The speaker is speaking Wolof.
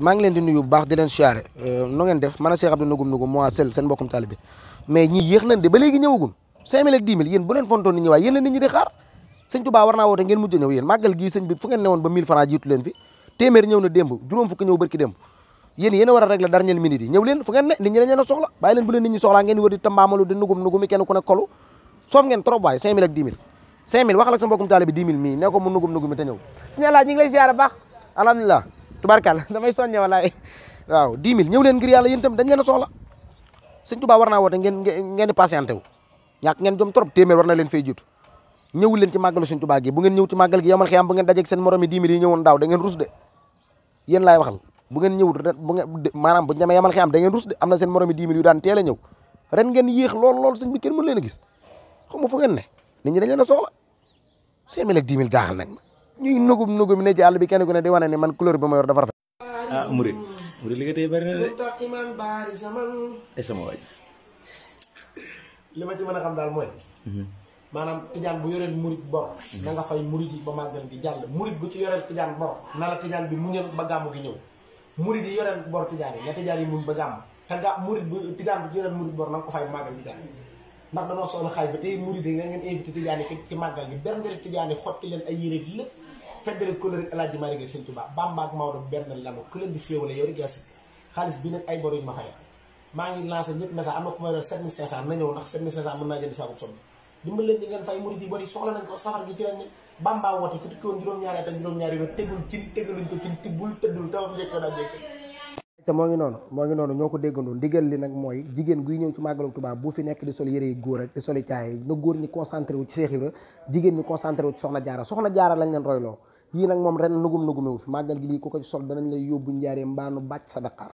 maa ngi leen di nuyu bu di leen siyaare euh, no ngeen def man a Cheikh Abdou nugum, Nougoum moo sel seen mbokkum taalibe mais ñi yéex nañ de ba léegi ñëwagum 5000 ak 10 000 bu len ni ñi waay nit ñi di xaar sëñ Touba war naa woote ngeen mujj ñëw yéen màggal gii sëñ bi fu ngeen newoon ba 1000 francs jiitu leen fi téeméer ñëw na démb juróom fukk ñëw barki démb yéen yéen a war a régler dernière minute yi ñëw leen fu ngeen ne nit ñi dañ leen a soxla bàyyi leen bu leen nit ñi soxlaa ngeen wër di di nugum nugum kenn ku ne kolu soof ngeen trop waay 5000 ak 10 5000 waxal ak sa mbokkum taalibe 10 000 ne ko mu nugum nugum te ñëw sëñ Alaaji ñi lay tubarkal damay soññe walaay waaw 10000 ñew leen ngir yalla yeen tam dañ leen soxla sëñ Touba warna wote ngeen ngeen di patienté wu ñak ngeen jom torop témer warna leen fay jiitu ñewul leen ci magal sëñ Touba gi bu ngeen ñew ci magal gi yamal xiyam bu ngeen dajje ak seen moromi 10000 yi ñëwoon daaw da ngeen rus de yeen lay waxal bu ngeen ñewul bu ngeen manam bu ñame yamal xiyam da ngeen rus de amna na seen moromi 10000 yu daan téla ñew ren ngeen yeex lool lool sëñ bi kenn mën leen gis xamu fu ngeen ne nit ñi dañ leen soxla 5000 ak 10000 jaaxal nañ ñuy nugum nugum ne ci àll bi kenn ku ne di wane ne man couleur bi ma yor dafa rafet ah murid murid li nga tey bari na de ay sama waaj li ma ci mën xam bu murid bor mhm. na nga fay murid yi ba màggal gi murid bu ci yoreel bor na la tijaan bi muñal ba gi ñëw murid yi yoreel bor tijaan yi na tijaan yi muñ ba ga murid bu tijaan bu murid bor na ko fay màggal di jàll ndax danoo soxla xaay ba murid yi nga ngeen invité tijaan yi ci màggal gi benn tijaan yi xotti ay feddali kóllëre El Hadj Malick ak Sëñ Tuubaa Bamba ak Maodo benn la ku leen di féewale yow rek yaa sikk xaalis bi nag ay bor yu ma fay maa ngi lancé ñëpp message am na ku ma yor 7500 na ñëw ndax 7500 mën naa jënd saako soble dimbal leen di ngeen fay murid yi bari soxla nañ ko safar gi ci lañ ne Bamba woote ku tukki woon juróom-ñaari at juróom-ñaari yoon ci tegaluñ ko ci tibbul tëddul te moo ngi noonu moo ngi noonu ñoo ko déggandoo ndigal li nag mooy jigéen guy ñëw ci màggalu Tuubaa bu fi nekk di sol yére yu góor ak di soli caay na góor ñi concentré wu ci Seex Ibra wu ci soxna jaara soxna jaara lañ leen royloo kii nag moom ren nugum nugumewu fi màggal gi lii ko ci sol danañ lay yóbbu njaaree mbaanu bàcc sa daqaar